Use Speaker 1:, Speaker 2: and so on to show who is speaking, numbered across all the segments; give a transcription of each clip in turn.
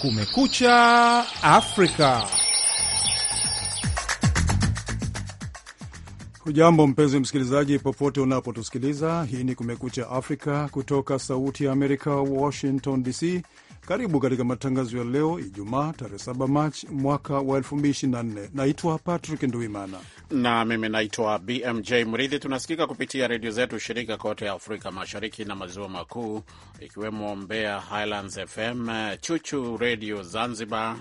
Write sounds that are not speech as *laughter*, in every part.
Speaker 1: Kumekucha Afrika. Hujambo mpenzi msikilizaji, popote unapotusikiliza. Hii ni Kumekucha Afrika kutoka Sauti ya Amerika, Washington DC. Karibu katika matangazo ya leo Ijumaa, tarehe 7 Machi mwaka wa 2024. Naitwa Patrick Nduimana
Speaker 2: na mimi naitwa BMJ Mridhi. Tunasikika kupitia redio zetu shirika kote Afrika Mashariki na Maziwa Makuu, ikiwemo Mbeya Highlands FM, Chuchu Redio Zanzibar,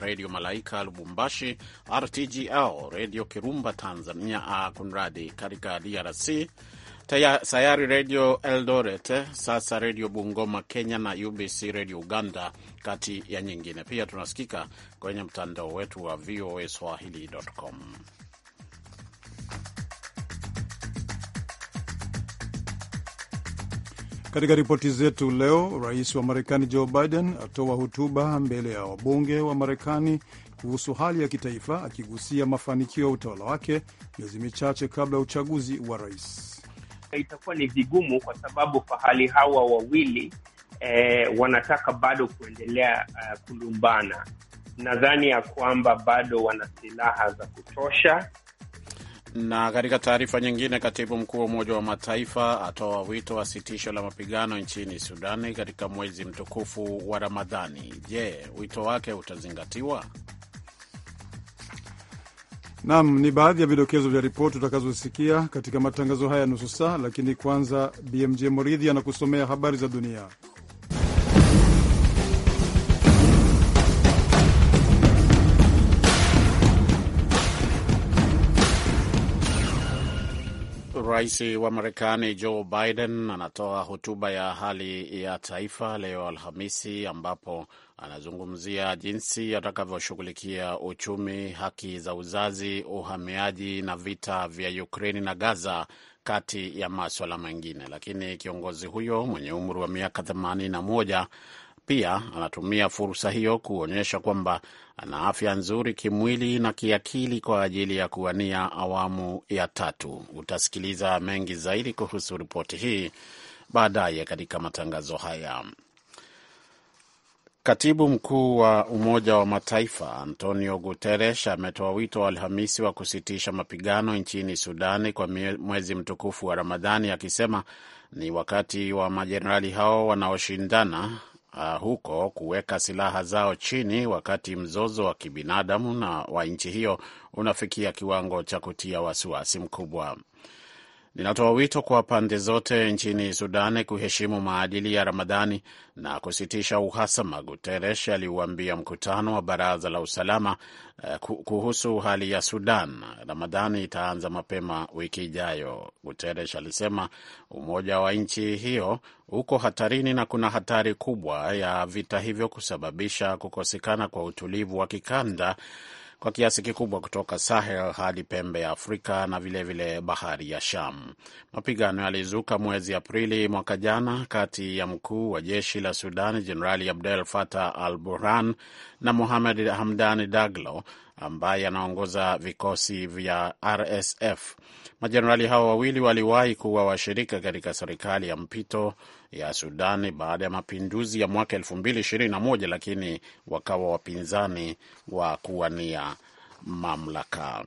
Speaker 2: Redio Malaika Lubumbashi, RTGL Redio Kirumba Tanzania, ah, kunradi katika DRC Sayari Redio Eldoret, eh? sasa Redio Bungoma Kenya na UBC Redio Uganda, kati ya nyingine. Pia tunasikika kwenye mtandao wetu wa VOA Swahili.com.
Speaker 1: Katika ripoti zetu leo, rais wa Marekani Joe Biden atoa hotuba mbele ya wabunge wa Marekani kuhusu hali ya kitaifa, akigusia mafanikio ya utawala wake miezi michache kabla ya uchaguzi wa rais
Speaker 3: itakuwa ni vigumu kwa sababu fahali hawa wawili eh, wanataka bado kuendelea uh, kulumbana. Nadhani ya kwamba bado wana silaha za
Speaker 2: kutosha. Na katika taarifa nyingine, katibu mkuu wa Umoja wa Mataifa atoa wito wa sitisho la mapigano nchini Sudani katika mwezi mtukufu wa Ramadhani. Je, wito wake utazingatiwa?
Speaker 1: Naam, ni baadhi ya vidokezo vya ripoti utakazosikia katika matangazo haya nusu saa, lakini kwanza BMJ Moridhi anakusomea habari za dunia.
Speaker 2: Rais wa Marekani Joe Biden anatoa hotuba ya hali ya taifa leo Alhamisi ambapo anazungumzia jinsi atakavyoshughulikia uchumi, haki za uzazi, uhamiaji na vita vya Ukraini na Gaza, kati ya maswala mengine. Lakini kiongozi huyo mwenye umri wa miaka 81 pia anatumia fursa hiyo kuonyesha kwamba ana afya nzuri kimwili na kiakili kwa ajili ya kuwania awamu ya tatu. Utasikiliza mengi zaidi kuhusu ripoti hii baadaye katika matangazo haya. Katibu mkuu wa Umoja wa Mataifa Antonio Guterres ametoa wito wa Alhamisi wa kusitisha mapigano nchini Sudani kwa mwezi mtukufu wa Ramadhani, akisema ni wakati wa majenerali hao wanaoshindana uh, huko kuweka silaha zao chini, wakati mzozo wa kibinadamu na wa nchi hiyo unafikia kiwango cha kutia wasiwasi mkubwa ninatoa wito kwa pande zote nchini Sudani kuheshimu maadili ya Ramadhani na kusitisha uhasama, guteresh aliuambia mkutano wa Baraza la Usalama eh, kuhusu hali ya Sudan. Ramadhani itaanza mapema wiki ijayo. Guteresh alisema umoja wa nchi hiyo uko hatarini na kuna hatari kubwa ya vita hivyo kusababisha kukosekana kwa utulivu wa kikanda kwa kiasi kikubwa kutoka Sahel hadi pembe ya Afrika na vilevile vile bahari ya Sham. Mapigano yalizuka mwezi Aprili mwaka jana kati ya mkuu wa jeshi la Sudani Jenerali Abdel fatah al Burhan na muhamed Hamdani Daglo ambaye anaongoza vikosi vya RSF. Majenerali hao wawili waliwahi kuwa washirika katika serikali ya mpito ya Sudani baada ya mapinduzi ya mwaka 2021 lakini wakawa wapinzani wa kuwania mamlaka.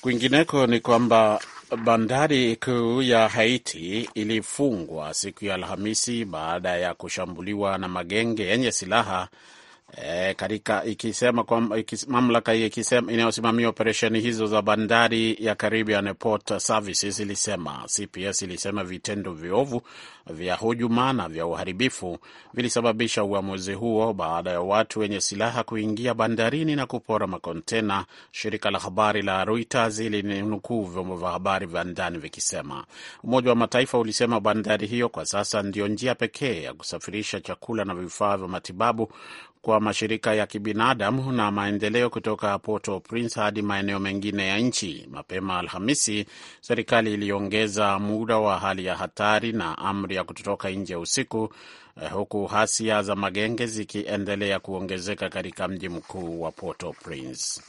Speaker 2: Kwingineko ni kwamba bandari kuu ya Haiti ilifungwa siku ya Alhamisi baada ya kushambuliwa na magenge yenye silaha E, katika ikisema kwa, ikis, mamlaka ikisema inayosimamia operesheni hizo za bandari ya Caribbean Port Services ilisema CPS ilisema vitendo viovu vya hujuma na vya uharibifu vilisababisha uamuzi huo baada ya watu wenye silaha kuingia bandarini na kupora makontena. Shirika la habari la Reuters ilinukuu vyombo vya habari vya ndani vikisema. Umoja wa Mataifa ulisema bandari hiyo kwa sasa ndio njia pekee ya kusafirisha chakula na vifaa vya matibabu kwa mashirika ya kibinadamu na maendeleo kutoka porto prince hadi maeneo mengine ya nchi. Mapema Alhamisi, serikali iliongeza muda wa hali ya hatari na amri ya kutotoka nje usiku, eh, huku hasia za magenge zikiendelea kuongezeka katika mji mkuu wa Porto prince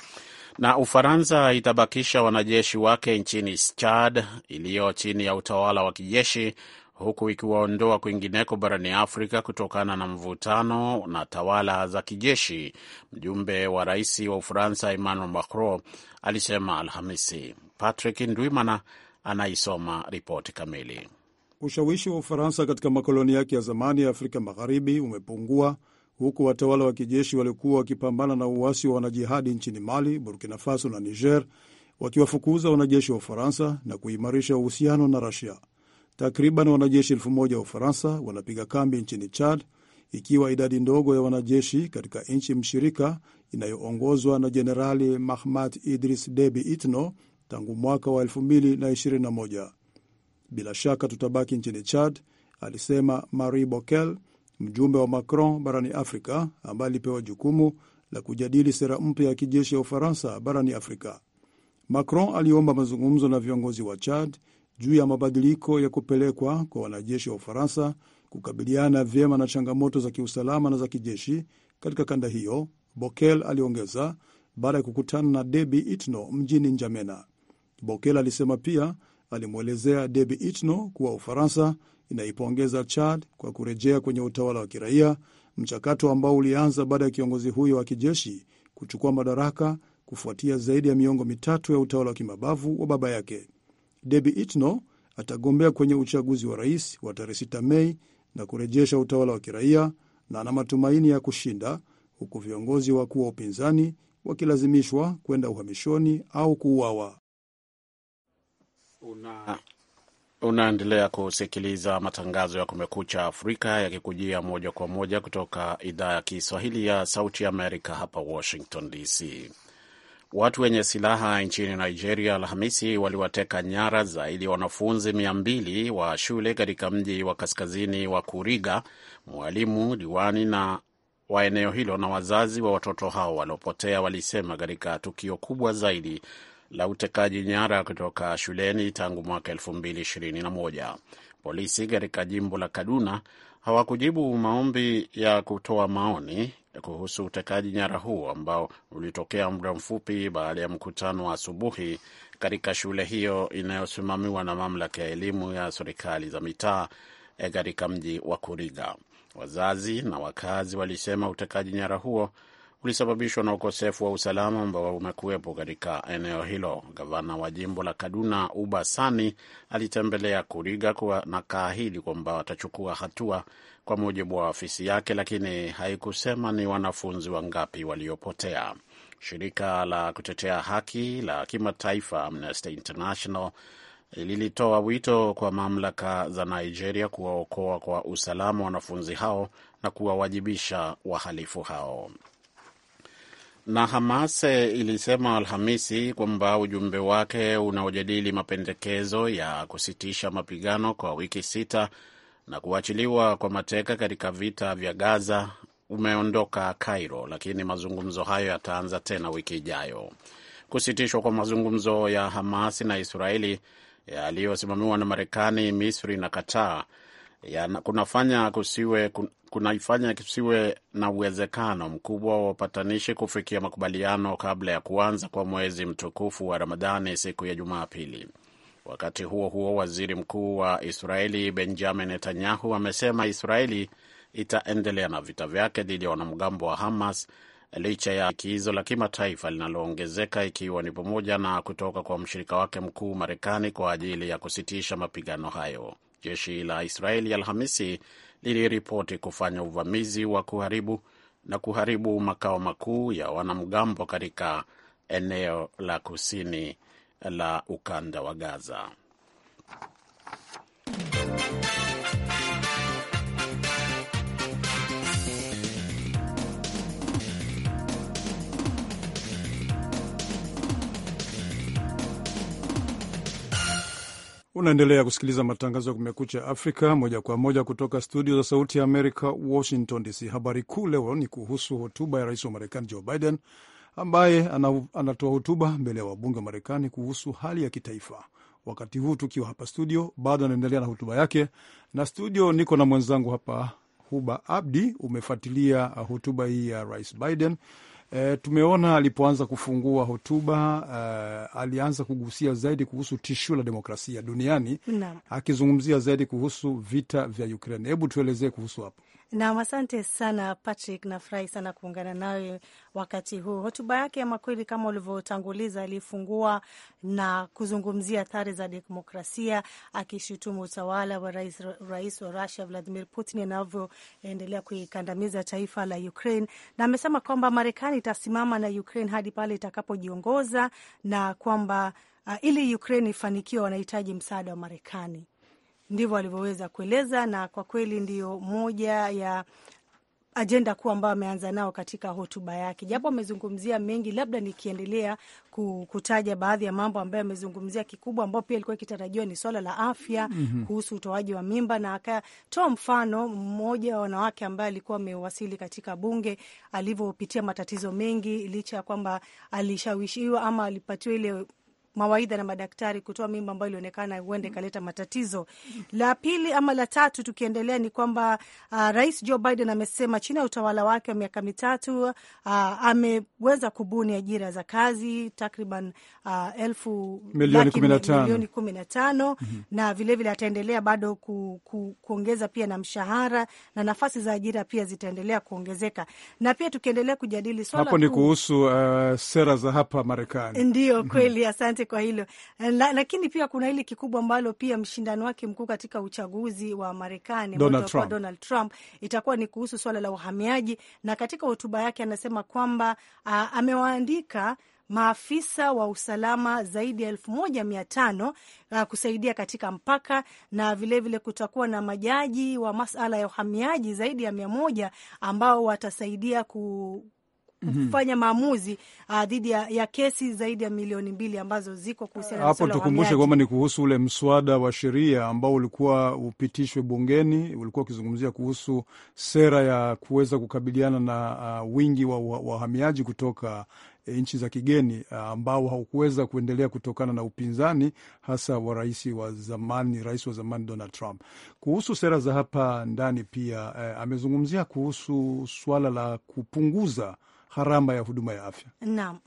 Speaker 2: Na Ufaransa itabakisha wanajeshi wake nchini Chad iliyo chini ya utawala wa kijeshi huku ikiwaondoa kwingineko barani Afrika kutokana na mvutano na tawala za kijeshi. Mjumbe wa rais wa Ufaransa Emmanuel Macron alisema Alhamisi. Patrick Ndwimana anaisoma ripoti kamili.
Speaker 1: Ushawishi wa Ufaransa katika makoloni yake ya zamani ya Afrika Magharibi umepungua huku watawala wa kijeshi waliokuwa wakipambana na uasi wa wanajihadi nchini Mali, Burkina Faso na Niger wakiwafukuza wanajeshi wa Ufaransa na kuimarisha uhusiano na Rasia. Takriban wanajeshi elfu moja wa Ufaransa wanapiga kambi nchini Chad, ikiwa idadi ndogo ya wanajeshi katika nchi mshirika inayoongozwa na Jenerali Mahmad Idris Debi Itno tangu mwaka wa 2021. Bila shaka tutabaki nchini Chad, alisema Marie Bokel, mjumbe wa Macron barani Afrika, ambaye alipewa jukumu la kujadili sera mpya ya kijeshi ya Ufaransa barani Afrika. Macron aliomba mazungumzo na viongozi wa Chad juu ya mabadiliko ya kupelekwa kwa wanajeshi wa Ufaransa kukabiliana vyema na changamoto za kiusalama na za kijeshi katika kanda hiyo, Bokel aliongeza baada ya kukutana na Debi Itno mjini Njamena. Bokel alisema pia alimwelezea Debi Itno kuwa Ufaransa inaipongeza Chad kwa kurejea kwenye utawala wa kiraia, mchakato ambao ulianza baada ya kiongozi huyo wa kijeshi kuchukua madaraka kufuatia zaidi ya miongo mitatu ya utawala wa kimabavu wa baba yake. Debi Itno atagombea kwenye uchaguzi wa rais wa tarehe 6 Mei na kurejesha utawala wa kiraia na ana matumaini ya kushinda, huku viongozi wakuu wa upinzani wakilazimishwa kwenda uhamishoni au kuuawa.
Speaker 2: Una, unaendelea kusikiliza matangazo ya Kumekucha Afrika yakikujia moja kwa moja kutoka idhaa ya Kiswahili ya Sauti Amerika hapa Washington DC. Watu wenye silaha nchini Nigeria Alhamisi waliwateka nyara zaidi ya wanafunzi mia mbili wa shule katika mji wa kaskazini wa Kuriga, mwalimu, diwani na wa eneo hilo na wazazi wa watoto hao waliopotea walisema katika tukio kubwa zaidi la utekaji nyara kutoka shuleni tangu mwaka 2021. Polisi katika jimbo la Kaduna hawakujibu maombi ya kutoa maoni kuhusu utekaji nyara huo ambao ulitokea muda mfupi baada ya mkutano wa asubuhi katika shule hiyo inayosimamiwa na mamlaka ya elimu ya serikali za mitaa eh, katika mji wa Kuriga. Wazazi na wakazi walisema utekaji nyara huo ulisababishwa na ukosefu wa usalama ambao umekuwepo katika eneo hilo. Gavana wa jimbo la Kaduna Uba Sani alitembelea Kuriga na kaahidi kwamba watachukua hatua kwa mujibu wa ofisi yake, lakini haikusema ni wanafunzi wangapi waliopotea. Shirika la kutetea haki la kimataifa Amnesty International lilitoa wito kwa mamlaka za Nigeria kuwaokoa kwa usalama wanafunzi hao na kuwawajibisha wahalifu hao. Na Hamas ilisema Alhamisi kwamba ujumbe wake unaojadili mapendekezo ya kusitisha mapigano kwa wiki sita na kuachiliwa kwa mateka katika vita vya Gaza umeondoka Cairo, lakini mazungumzo hayo yataanza tena wiki ijayo. Kusitishwa kwa mazungumzo ya Hamas na Israeli yaliyosimamiwa na Marekani, Misri na Qatar ya, kunafanya kusiwe kun, kunaifanya kusiwe na uwezekano mkubwa wa upatanishi kufikia makubaliano kabla ya kuanza kwa mwezi mtukufu wa Ramadhani siku ya Jumapili. Wakati huo huo, waziri mkuu wa Israeli Benjamin Netanyahu amesema Israeli itaendelea na vita vyake dhidi ya wanamgambo wa Hamas licha ya kiizo la kimataifa linaloongezeka ikiwa ni pamoja na kutoka kwa mshirika wake mkuu Marekani kwa ajili ya kusitisha mapigano hayo. Jeshi la Israeli Alhamisi liliripoti kufanya uvamizi wa kuharibu na kuharibu makao makuu ya wanamgambo katika eneo la kusini la ukanda wa Gaza.
Speaker 1: Unaendelea kusikiliza matangazo ya Kumekucha Afrika moja kwa moja kutoka studio za Sauti ya Amerika, Washington DC. Habari kuu leo ni kuhusu hotuba ya rais wa Marekani Joe Biden ambaye anatoa hotuba mbele ya wabunge wa Marekani kuhusu hali ya kitaifa. Wakati huu tukiwa hapa studio, bado anaendelea na hotuba yake, na studio niko na mwenzangu hapa Huba Abdi. Umefuatilia hotuba hii ya rais Biden E, tumeona alipoanza kufungua hotuba e, alianza kugusia zaidi kuhusu tishio la demokrasia duniani na akizungumzia zaidi kuhusu vita vya Ukraine. Hebu tuelezee kuhusu hapo.
Speaker 4: Nam, asante sana Patrick, nafurahi sana kuungana nawe wakati huu. Hotuba yake ya makweli kama ulivyotanguliza, alifungua na kuzungumzia athari za demokrasia, akishutumu utawala wa rais, rais wa Rusia Vladimir Putin anavyoendelea kuikandamiza taifa la Ukraine, na amesema kwamba Marekani itasimama na Ukraine hadi pale itakapojiongoza na kwamba uh, ili Ukraine ifanikiwe wanahitaji msaada wa Marekani ndivyo alivyoweza kueleza, na kwa kweli ndiyo moja ya ajenda kuu ambayo ameanza nao katika hotuba yake, japo amezungumzia mengi. Labda nikiendelea kutaja baadhi ya mambo ambayo amezungumzia, kikubwa ambao pia ilikuwa ikitarajiwa ni swala la afya mm -hmm. kuhusu utoaji wa mimba, na akatoa mfano mmoja wa wanawake ambaye alikuwa amewasili katika bunge, alivyopitia matatizo mengi, licha ya kwamba alishawishiwa ama alipatiwa ile mawaidha na madaktari kutoa mimba ambayo ilionekana huenda ikaleta matatizo. La pili ama la tatu, tukiendelea ni kwamba uh, Rais Joe Biden amesema chini ya utawala wake wa miaka mitatu uh, ameweza kubuni ajira za kazi takriban uh, elfu milioni kumi na tano na vilevile mhm. ataendelea bado ku, ku, kuongeza pia na mshahara na nafasi za ajira pia zitaendelea kuongezeka. Na pia tukiendelea kujadili swala hapo ni kuhusu
Speaker 1: uh, sera za hapa Marekani,
Speaker 4: ndio mhm. kweli, asante asante kwa hilo eh, la, lakini pia kuna hili kikubwa ambalo pia mshindani wake mkuu katika uchaguzi wa Marekani Donald Trump, Donald Trump itakuwa ni kuhusu swala la uhamiaji, na katika hotuba yake anasema kwamba uh, amewaandika maafisa wa usalama zaidi ya elfu moja mia tano uh, kusaidia katika mpaka na vilevile vile kutakuwa na majaji wa masala ya uhamiaji zaidi ya mia moja ambao watasaidia ku Mm-hmm. kufanya maamuzi uh, dhidi ya, ya kesi zaidi ya milioni mbili ambazo ziko kuhusiana hapo. Tukumbushe kwamba
Speaker 1: ni kuhusu ule mswada wa sheria ambao ulikuwa upitishwe bungeni, ulikuwa ukizungumzia kuhusu sera ya kuweza kukabiliana na uh, wingi wa wahamiaji wa kutoka eh, nchi za kigeni uh, ambao haukuweza kuendelea kutokana na upinzani hasa wa rais wa zamani, rais wa zamani Donald Trump. Kuhusu sera za hapa ndani pia eh, amezungumzia kuhusu swala la kupunguza gharama ya huduma ya afya. Naam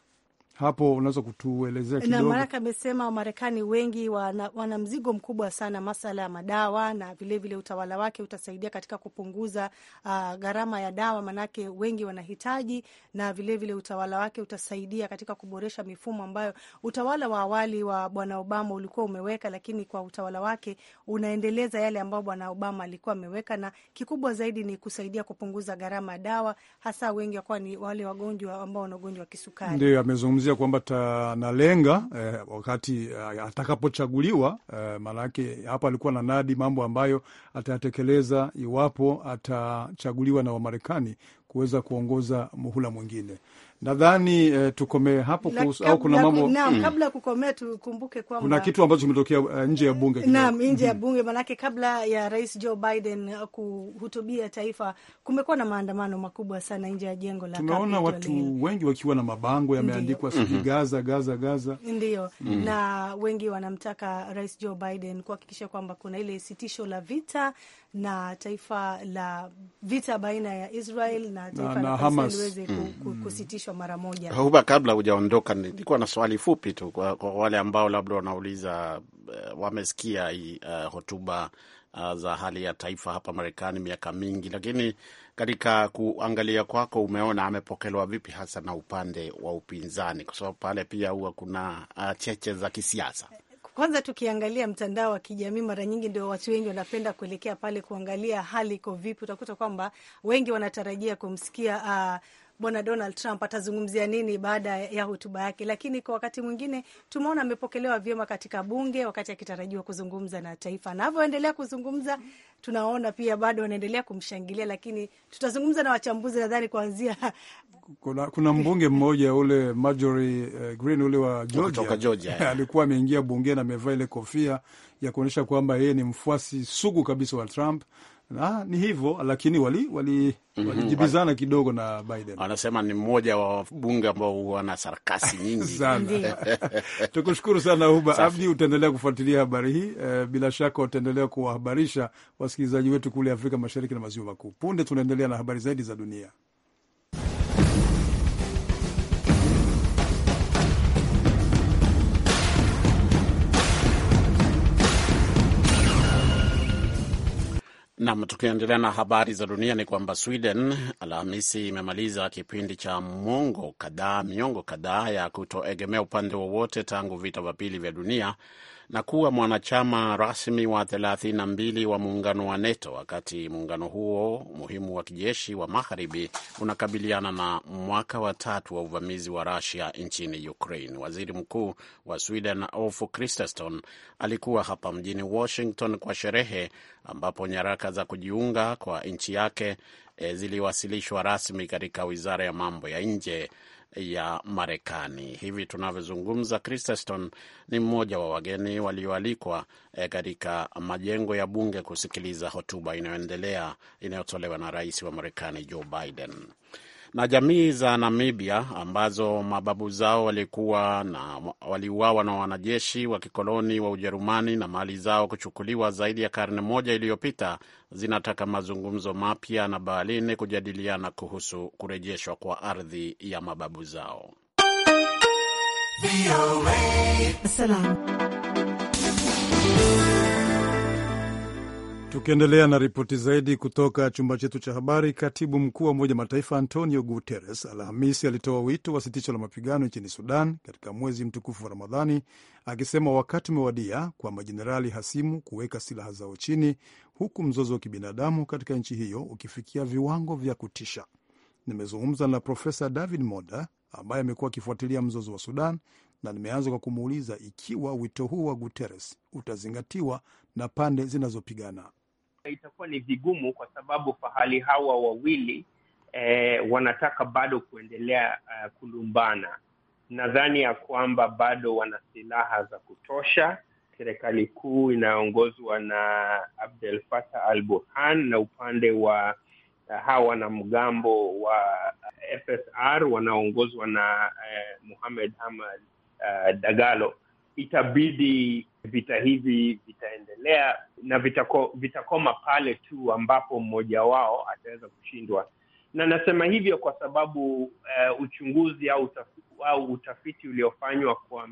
Speaker 1: hapo unaweza kutuelezea kidogo? Na Maraka
Speaker 4: amesema Wamarekani wengi wana, wana mzigo mkubwa sana masala ya madawa na vilevile vile utawala wake utasaidia katika kupunguza uh, gharama ya dawa, manake wengi wanahitaji, na vilevile vile utawala wake utasaidia katika kuboresha mifumo ambayo utawala wa awali wa Bwana Obama ulikuwa umeweka, lakini kwa utawala wake unaendeleza yale ambayo Bwana Obama alikuwa ameweka, na kikubwa zaidi ni kusaidia kupunguza gharama ya dawa, hasa wengi wakuwa ni wale wagonjwa ambao wana ugonjwa wa kisukari.
Speaker 1: Ndio amezungumza amezungumzia kwamba tanalenga eh, wakati eh, atakapochaguliwa eh, maanake hapa alikuwa na nadi mambo ambayo atayatekeleza iwapo atachaguliwa na Wamarekani kuweza kuongoza muhula mwingine. Nadhani eh, tukomee hapo kuhusu, au kuna mambo mm. Kabla
Speaker 4: ya kukomea, tukumbuke kwamba kuna kitu
Speaker 1: ambacho kimetokea uh, nje ya bunge naam, nje mm -hmm. ya mm-hmm.
Speaker 4: bunge manake, kabla ya rais Joe Biden eh, kuhutubia taifa, kumekuwa na maandamano makubwa sana nje ya jengo la tumeona watu lini,
Speaker 1: wengi wakiwa na mabango yameandikwa sijui mm -hmm. Gaza, Gaza, Gaza
Speaker 4: ndio mm -hmm. na wengi wanamtaka rais Joe Biden kuhakikisha kwamba kuna ile sitisho la vita na taifa la vita baina ya Israel na taifa na, na la liweze mm. kusitishwa mara moja. Huba,
Speaker 2: kabla hujaondoka, nilikuwa na swali fupi tu kwa, kwa wale ambao labda wanauliza eh, wamesikia uh, hotuba uh, za hali ya taifa hapa Marekani miaka mingi, lakini katika kuangalia kwako umeona amepokelewa vipi hasa na upande wa upinzani, kwa sababu pale pia huwa kuna uh, cheche za kisiasa
Speaker 4: kwanza tukiangalia mtandao wa kijamii, mara nyingi ndio watu wengi wanapenda kuelekea pale kuangalia hali iko vipi. Utakuta kwamba wengi wanatarajia kumsikia uh, bwana Donald Trump atazungumzia nini baada ya hotuba yake, lakini kwa wakati mwingine tumeona amepokelewa vyema katika bunge wakati akitarajiwa kuzungumza na taifa. Anavyoendelea kuzungumza, tunaona pia bado wanaendelea kumshangilia, lakini tutazungumza na wachambuzi nadhani kuanzia *laughs*
Speaker 1: kuna, kuna mbunge mmoja ule Marjorie eh, Green ule wa Georgia, Georgia *laughs* alikuwa ameingia bungeni amevaa ile kofia ya kuonyesha kwamba yeye ni mfuasi sugu kabisa wa Trump na ni hivyo lakini wali, wali, mm -hmm. walijibizana kidogo
Speaker 2: na Biden. Wanasema ni mmoja wa wabunge ambao wana sarakasi nyingi *laughs* sana. *laughs*
Speaker 1: Tukushukuru sana Huba Abdi, utaendelea kufuatilia habari hii e, bila shaka utaendelea kuwahabarisha wasikilizaji wetu kule Afrika Mashariki na Maziwa Makuu. Punde tunaendelea na habari zaidi za dunia.
Speaker 2: Nam, tukiendelea na habari za dunia ni kwamba Sweden Alhamisi imemaliza kipindi cha mongo kadhaa miongo kadhaa ya kutoegemea upande wowote tangu vita vya pili vya dunia na kuwa mwanachama rasmi wa 32 wa muungano wa NATO, wakati muungano huo muhimu wa kijeshi wa magharibi unakabiliana na mwaka wa tatu wa uvamizi wa Rusia nchini Ukraine. Waziri Mkuu wa Sweden Ulf Kristersson alikuwa hapa mjini Washington kwa sherehe ambapo nyaraka za kujiunga kwa nchi yake eh, ziliwasilishwa rasmi katika wizara ya mambo ya nje ya Marekani. Hivi tunavyozungumza, Christeston ni mmoja wa wageni walioalikwa eh, katika majengo ya bunge kusikiliza hotuba inayoendelea inayotolewa na rais wa Marekani Joe Biden na jamii za Namibia ambazo mababu zao walikuwa na waliuawa na wanajeshi wa kikoloni wa Ujerumani na mali zao kuchukuliwa zaidi ya karne moja iliyopita zinataka mazungumzo mapya na Berlin kujadiliana kuhusu kurejeshwa kwa ardhi ya mababu zao.
Speaker 5: Salam.
Speaker 1: Tukiendelea na ripoti zaidi kutoka chumba chetu cha habari, katibu mkuu wa Umoja Mataifa Antonio Guterres Alhamisi alitoa wito wa sitisho la mapigano nchini Sudan katika mwezi mtukufu wa Ramadhani, akisema wakati umewadia kwa majenerali hasimu kuweka silaha zao chini, huku mzozo wa kibinadamu katika nchi hiyo ukifikia viwango vya kutisha. Nimezungumza na Profesa David Moda ambaye amekuwa akifuatilia mzozo wa Sudan na nimeanza kwa kumuuliza ikiwa wito huu wa Guterres utazingatiwa na pande zinazopigana
Speaker 3: itakuwa ni vigumu kwa sababu fahali hawa wawili eh, wanataka bado kuendelea uh, kulumbana. Nadhani ya kwamba bado wana silaha za kutosha. Serikali kuu inayoongozwa na Abdel Fattah al-Burhan na upande wa uh, hawa wanamgambo wa eh, FSR wanaoongozwa na uh, Muhamed Hamad uh, Dagalo, itabidi vita hivi vitaendelea na vitako, vitakoma pale tu ambapo mmoja wao ataweza kushindwa. Na nasema hivyo kwa sababu uh, uchunguzi au utafiti, au utafiti uliofanywa kwa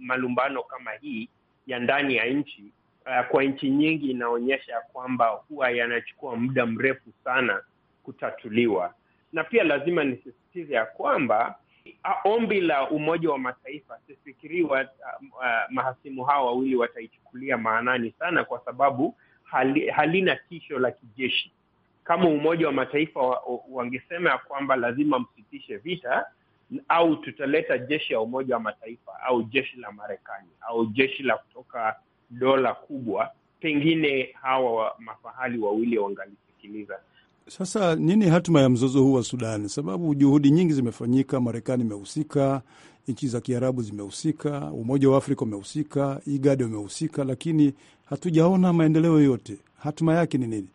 Speaker 3: malumbano kama hii ya ndani ya nchi uh, kwa nchi nyingi inaonyesha kwamba huwa yanachukua muda mrefu sana kutatuliwa, na pia lazima nisisitize ya kwamba ombi la Umoja wa Mataifa sifikiriwa wa, uh, mahasimu hawa wawili wataichukulia maanani sana, kwa sababu hali, halina tisho la kijeshi. Kama Umoja wa Mataifa wangesema ya kwamba lazima msitishe vita au tutaleta jeshi ya Umoja wa Mataifa au jeshi la Marekani au jeshi la kutoka dola kubwa, pengine hawa mafahali wawili wangalisikiliza
Speaker 1: sasa nini hatima ya mzozo huu wa Sudani? Sababu juhudi nyingi zimefanyika, Marekani imehusika, nchi za Kiarabu zimehusika, Umoja wa Afrika umehusika, IGAD umehusika, lakini hatujaona maendeleo yote Hatima yake ni nini?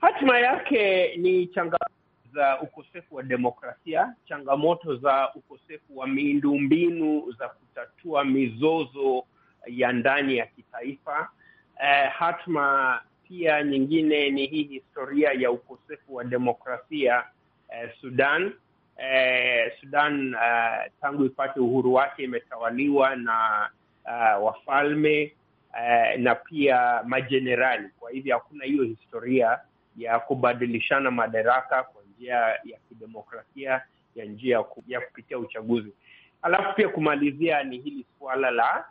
Speaker 3: Hatima yake ni changamoto za ukosefu wa demokrasia, changamoto za ukosefu wa miundombinu za kutatua mizozo ya ndani ya kitaifa. Eh, hatma pia nyingine ni hii historia ya ukosefu wa demokrasia eh, Sudan eh, Sudan eh, tangu ipate uhuru wake imetawaliwa na eh, wafalme eh, na pia majenerali. Kwa hivyo hakuna hiyo historia ya kubadilishana madaraka kwa njia ya kidemokrasia ya njia ya kupitia uchaguzi. Alafu pia kumalizia ni hili suala la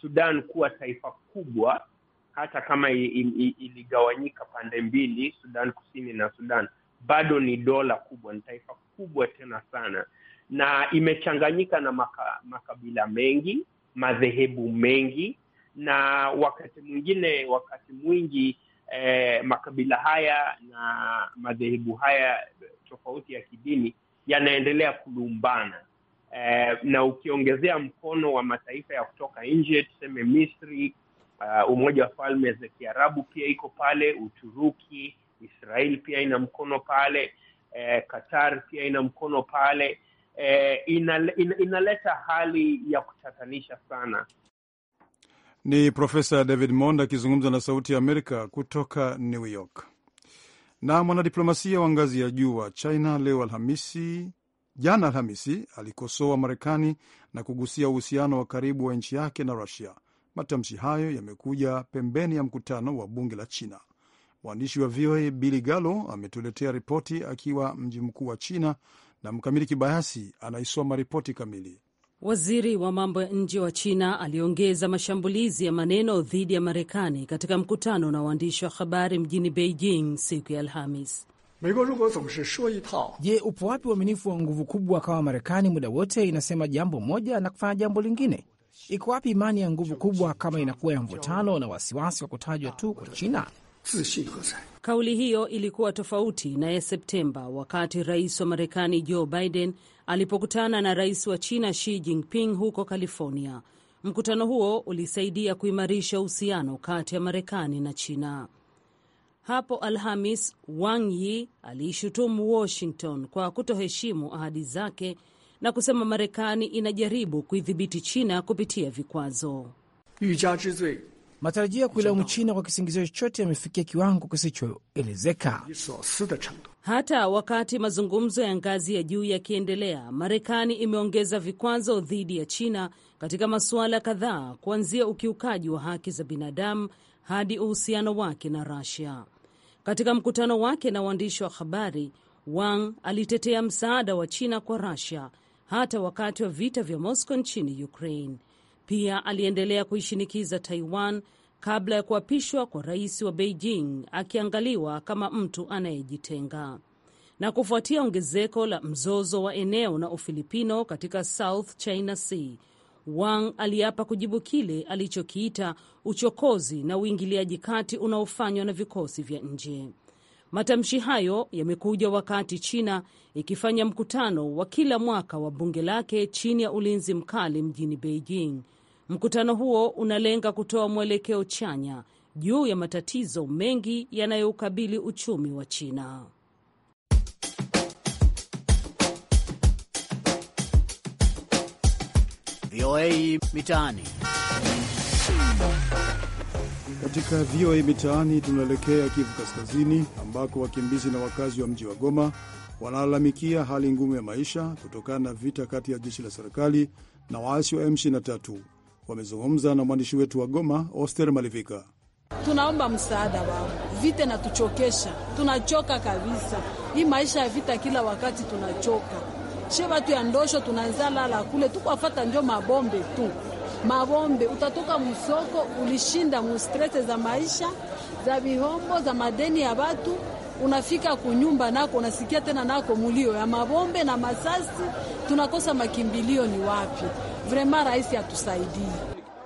Speaker 3: Sudan kuwa taifa kubwa hata kama iligawanyika pande mbili, Sudan Kusini na Sudan, bado ni dola kubwa, ni taifa kubwa tena sana, na imechanganyika na maka, makabila mengi, madhehebu mengi, na wakati mwingine, wakati mwingi eh, makabila haya na madhehebu haya tofauti ya kidini yanaendelea kulumbana eh, na ukiongezea mkono wa mataifa ya kutoka nje, tuseme Misri uh, Umoja wa Falme za Kiarabu pia iko pale, Uturuki, Israel pia ina mkono pale eh, Qatar pia ina mkono pale eh, inale, in, inaleta hali ya kutatanisha sana.
Speaker 1: Ni Profesa David Monda akizungumza na Sauti ya Amerika kutoka New York. Na mwanadiplomasia wa ngazi ya juu wa China leo Alhamisi, jana Alhamisi, alikosoa Marekani na kugusia uhusiano wa karibu wa nchi yake na Rusia. Matamshi hayo yamekuja pembeni ya mkutano wa bunge la China. Mwandishi wa VOA Billy Gallo ametuletea ripoti akiwa mji mkuu wa China, na Mkamili Kibayasi anaisoma ripoti kamili.
Speaker 6: Waziri wa mambo ya nje wa China aliongeza mashambulizi ya maneno dhidi ya Marekani katika mkutano na waandishi wa habari mjini Beijing siku ya Alhamis.
Speaker 3: Je, upo wapi uaminifu wa nguvu kubwa kama Marekani muda wote inasema jambo moja na kufanya jambo lingine? Iko wapi imani ya nguvu kubwa kama inakuwa ya mvutano na wasiwasi wa kutajwa tu kwa China?
Speaker 6: Kauli hiyo ilikuwa tofauti na ya Septemba wakati rais wa Marekani Joe Biden alipokutana na rais wa China Xi Jinping huko California. Mkutano huo ulisaidia kuimarisha uhusiano kati ya Marekani na China. Hapo Alhamis, Wang Yi aliishutumu Washington kwa kutoheshimu ahadi zake na kusema Marekani inajaribu kuidhibiti China kupitia vikwazo.
Speaker 3: Matarajio ya kuilaumu China kwa kisingizio chochote yamefikia kiwango kisichoelezeka.
Speaker 6: Hata wakati mazungumzo ya ngazi ya juu yakiendelea, Marekani imeongeza vikwazo dhidi ya China katika masuala kadhaa, kuanzia ukiukaji wa haki za binadamu hadi uhusiano wake na rasia Katika mkutano wake na waandishi wa habari, Wang alitetea msaada wa China kwa rasia hata wakati wa vita vya Moscow nchini Ukraine. Pia aliendelea kuishinikiza Taiwan kabla ya kuapishwa kwa rais wa Beijing, akiangaliwa kama mtu anayejitenga. Na kufuatia ongezeko la mzozo wa eneo na Ufilipino katika South China Sea, Wang aliapa kujibu kile alichokiita uchokozi na uingiliaji kati unaofanywa na vikosi vya nje. Matamshi hayo yamekuja wakati China ikifanya mkutano wa kila mwaka wa bunge lake chini ya ulinzi mkali mjini Beijing. Mkutano huo unalenga kutoa mwelekeo chanya juu ya matatizo mengi yanayoukabili uchumi wa China.
Speaker 5: VOA Mitaani.
Speaker 1: Katika VOA Mitaani tunaelekea Kivu Kaskazini, ambako wakimbizi na wakazi wa mji wa Goma wanalalamikia hali ngumu ya maisha kutokana na vita kati ya jeshi la serikali na waasi wa M23. Wamezungumza na mwandishi wetu wa Goma, Oster Malivika.
Speaker 5: Tunaomba msaada wao, vita natuchokesha, tunachoka kabisa. Hii maisha ya vita, kila wakati tunachoka. She batu ya ndosho tunazalala kule, tukwafata njo mabombe tu mabombe, utatoka msoko ulishinda mustrese za maisha za vihombo za madeni ya watu, unafika kunyumba nako unasikia tena nako mulio ya mabombe na masasi, tunakosa makimbilio ni wapi? Vrema rais atusaidie.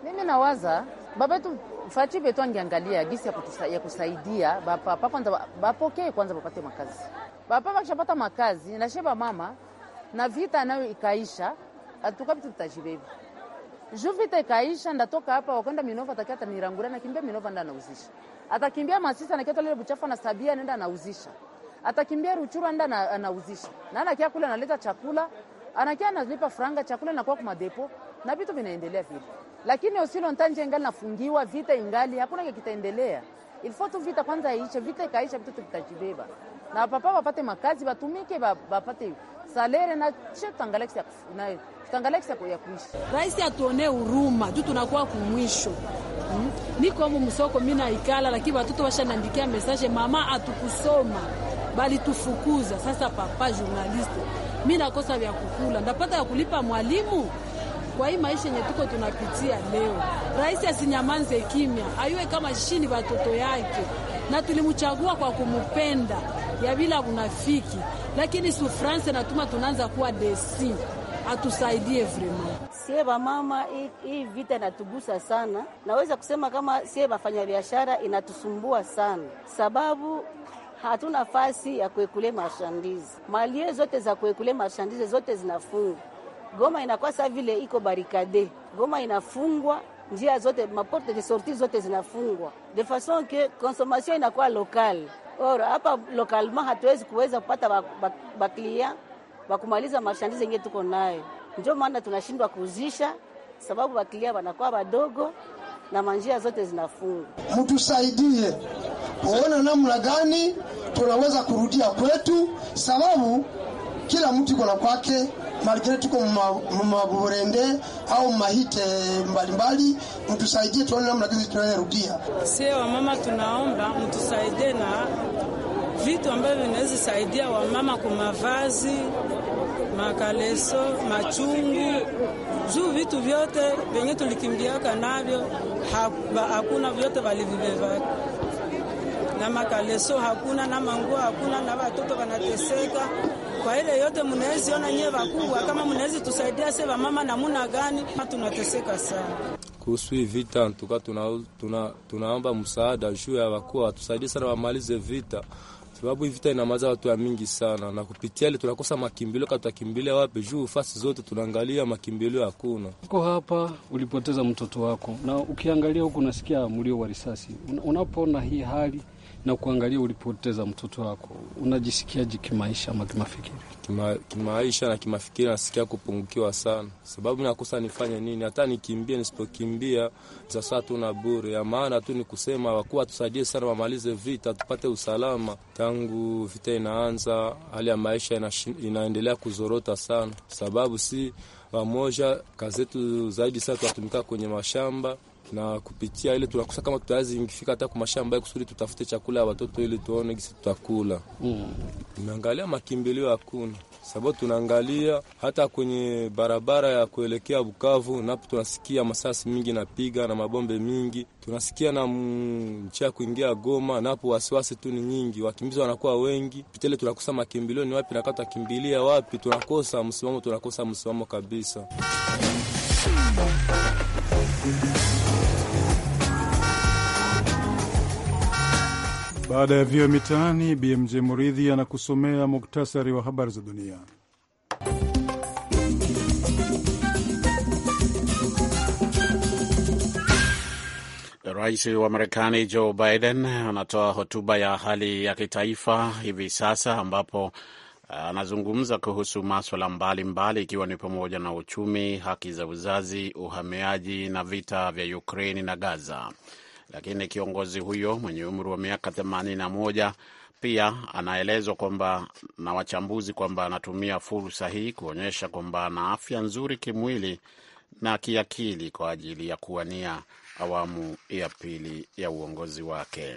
Speaker 5: Mimi nawaza babetu Fachi betu angeangalia gisi ya, kutusa, ya kusaidia bapa, kwanza bapokee kwanza bapate makazi. Bapa wakishapata makazi na sheba mama na vita nayo ikaisha, atukapi tutajibeba. Juvita kaisha, ndatoka hapa wakwenda Minova atakia atanirangura na kimbia Minova nda anauzisha. Atakimbia Masisa na kiatu lile buchafu na sabia nenda anauzisha. Atakimbia Ruchura nda anauzisha. Na anakia kule analeta chakula, anakia analipa franga chakula na kwa kwa na vitu vinaendelea vile. Lakini Osilo Ntanje ingali nafungiwa, vita ingali, hakuna kitaendelea. Ilifo tu vita kwanza iishe, vita ikaisha vitu tuvitajibeba. Na papa wapate makazi, batumike, bapate salere na kitangaleksi ya kuishi. Rais atuonee huruma juu tunakuwa kumwisho. Hmm? Niko humu msoko mimi naikala, lakini watoto washanandikia mesaje, mama atukusoma bali tufukuza. Sasa papa journaliste, mimi nakosa vya kukula, ndapata ya kulipa mwalimu kwa hii maisha yenye tuko tunapitia leo, rais asinyamanze kimya, ayue kama shini watoto yake, na tulimchagua kwa kumupenda ya bila unafiki, lakini su France natuma tunaanza kuwa desi atusaidie vraiment.
Speaker 6: Sie bamama, hii vita inatugusa sana. Naweza kusema kama sie bafanya biashara inatusumbua sana, sababu hatuna fasi ya kuekule mashandizi. Malie zote za kuekule mashandizi zote zinafungwa Goma inakuwa sa vile iko barikade, Goma inafungwa njia zote, maporte de sortie zote zinafungwa de fason ke consommation inakuwa lokale Ora hapa lokalma hatuwezi kuweza kupata baklia wakumaliza marshandise yenye tuko nayo, ndio maana tunashindwa kuuzisha, sababu baklia wanakuwa wadogo na manjia zote zinafungwa.
Speaker 5: Mtusaidie kuona namna gani tunaweza kurudia kwetu, sababu kila mji kona kwake malikini tuko mumaburende au mahite mbalimbali, mtusaidie tuone namna gani tunayerudia. Sie wamama tunaomba mtusaidie na vitu ambavyo vinaweza saidia wamama kwa mavazi, makaleso, machungu juu vitu vyote venye tulikimbiaka navyo hakuna, vyote walivibeba na makaleso hakuna na manguo hakuna na watoto wanateseka. Kwa ile yote mnaezi ona nyewe wakubwa kama mnaezi tusaidia sasa mama na muna gani tunateseka sana.
Speaker 7: Kuhusu hii vita ntuka tuna, tuna, tunaomba msaada juu ya wakuu watusaidie sana wamalize vita sababu hii vita inamaza watu ya mingi sana, na kupitia ile tunakosa makimbilio. Katakimbilia wapi? Juu fasi zote tunaangalia makimbilio
Speaker 2: hakuna. Uko hapa ulipoteza mtoto wako, na ukiangalia huku unasikia mlio wa risasi. Unapoona hii hali na kuangalia ulipoteza mtoto wako, unajisikiaje kimaisha ama kimafikiri?
Speaker 7: Kima, kimaisha na kimafikiri nasikia kupungukiwa sana, sababu nakosa nifanye nini? Hata nikimbia nisipokimbia tu na bure ya maana tu ni kusema wakuwa tusaidie sana, wamalize vita tupate usalama. Tangu vita inaanza, hali ya maisha ina, inaendelea kuzorota sana, sababu si wamoja kazi yetu zaidi sana tunatumika kwenye mashamba na kupitia ile tunakosa kama tutaweza ingifika hata kumashamba kusudi tutafute chakula ya watoto ili tuone gisi tutakula. Mm. Tunaangalia makimbilio hakuna sababu tunaangalia hata kwenye barabara ya kuelekea Bukavu, napo tunasikia masasi mingi napiga na mabombe mingi, tunasikia na mchia kuingia Goma, napo wasiwasi tu ni nyingi, wakimbizi wanakuwa wengi, pitele tunakosa makimbilio ni wapi, nakaa tutakimbilia wapi? Tunakosa msimamo, tunakosa msimamo kabisa.
Speaker 1: Baada ya vio mitaani, BMJ Muridhi anakusomea muktasari wa habari za
Speaker 2: dunia. Rais wa Marekani Joe Biden anatoa hotuba ya hali ya kitaifa hivi sasa ambapo uh, anazungumza kuhusu maswala mbalimbali ikiwa ni pamoja na uchumi, haki za uzazi, uhamiaji na vita vya Ukraini na Gaza lakini kiongozi huyo mwenye umri wa miaka 81 pia anaelezwa kwamba na wachambuzi kwamba anatumia fursa hii kuonyesha kwamba ana afya nzuri kimwili na kiakili kwa ajili ya kuwania awamu ya pili ya uongozi wake.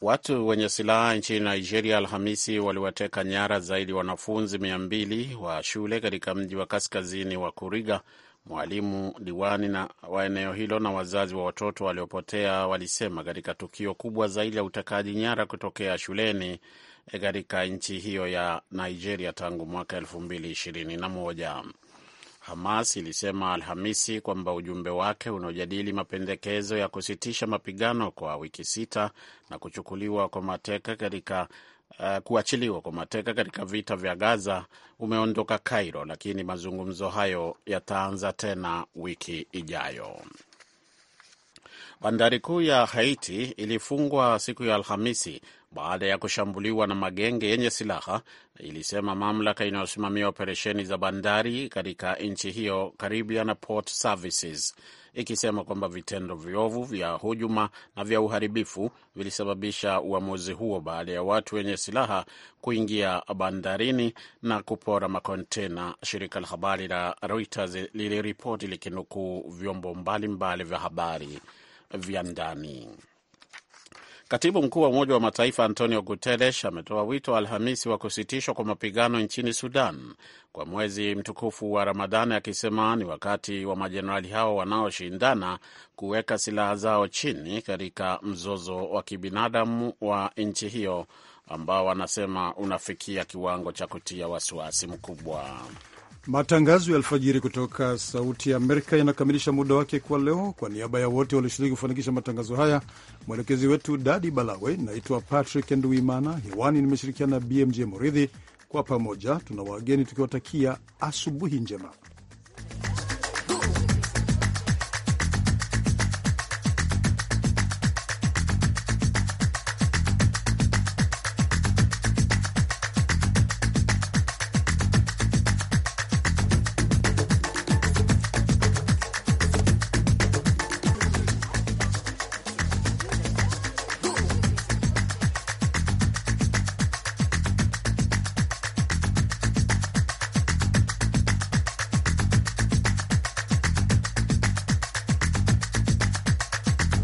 Speaker 2: Watu wenye silaha nchini Nigeria Alhamisi waliwateka nyara zaidi wanafunzi mia mbili wa shule katika mji wa kaskazini wa Kuriga Mwalimu, diwani na wa eneo hilo na wazazi wa watoto waliopotea walisema katika tukio kubwa zaidi la utekaji nyara kutokea shuleni eh, katika nchi hiyo ya Nigeria tangu mwaka 2021. Hamas ilisema Alhamisi kwamba ujumbe wake unaojadili mapendekezo ya kusitisha mapigano kwa wiki sita na kuchukuliwa kwa mateka katika uh, kuachiliwa kwa mateka katika vita vya Gaza umeondoka Cairo, lakini mazungumzo hayo yataanza tena wiki ijayo. Bandari kuu ya Haiti ilifungwa siku ya Alhamisi baada ya kushambuliwa na magenge yenye silaha, ilisema mamlaka inayosimamia operesheni za bandari katika nchi hiyo, Caribbean Port Services, ikisema kwamba vitendo viovu vya hujuma na vya uharibifu vilisababisha uamuzi huo baada ya watu wenye silaha kuingia bandarini na kupora makontena. Shirika la habari la Reuters liliripoti likinukuu vyombo mbalimbali vya habari vya ndani. Katibu mkuu wa Umoja wa Mataifa Antonio Guterres ametoa wito Alhamisi wa kusitishwa kwa mapigano nchini Sudan kwa mwezi mtukufu wa Ramadhani, akisema ni wakati wa majenerali hao wanaoshindana kuweka silaha zao chini katika mzozo wa kibinadamu wa nchi hiyo ambao wanasema unafikia kiwango cha kutia wasiwasi mkubwa.
Speaker 1: Matangazo ya alfajiri kutoka Sauti ya Amerika yanakamilisha muda wake kwa leo. Kwa niaba ya wote walioshiriki kufanikisha matangazo haya, mwelekezi wetu Dadi Balawe, naitwa Patrick Nduimana. Hewani nimeshirikiana na BMJ Moridhi. Kwa pamoja tuna wageni tukiwatakia asubuhi njema.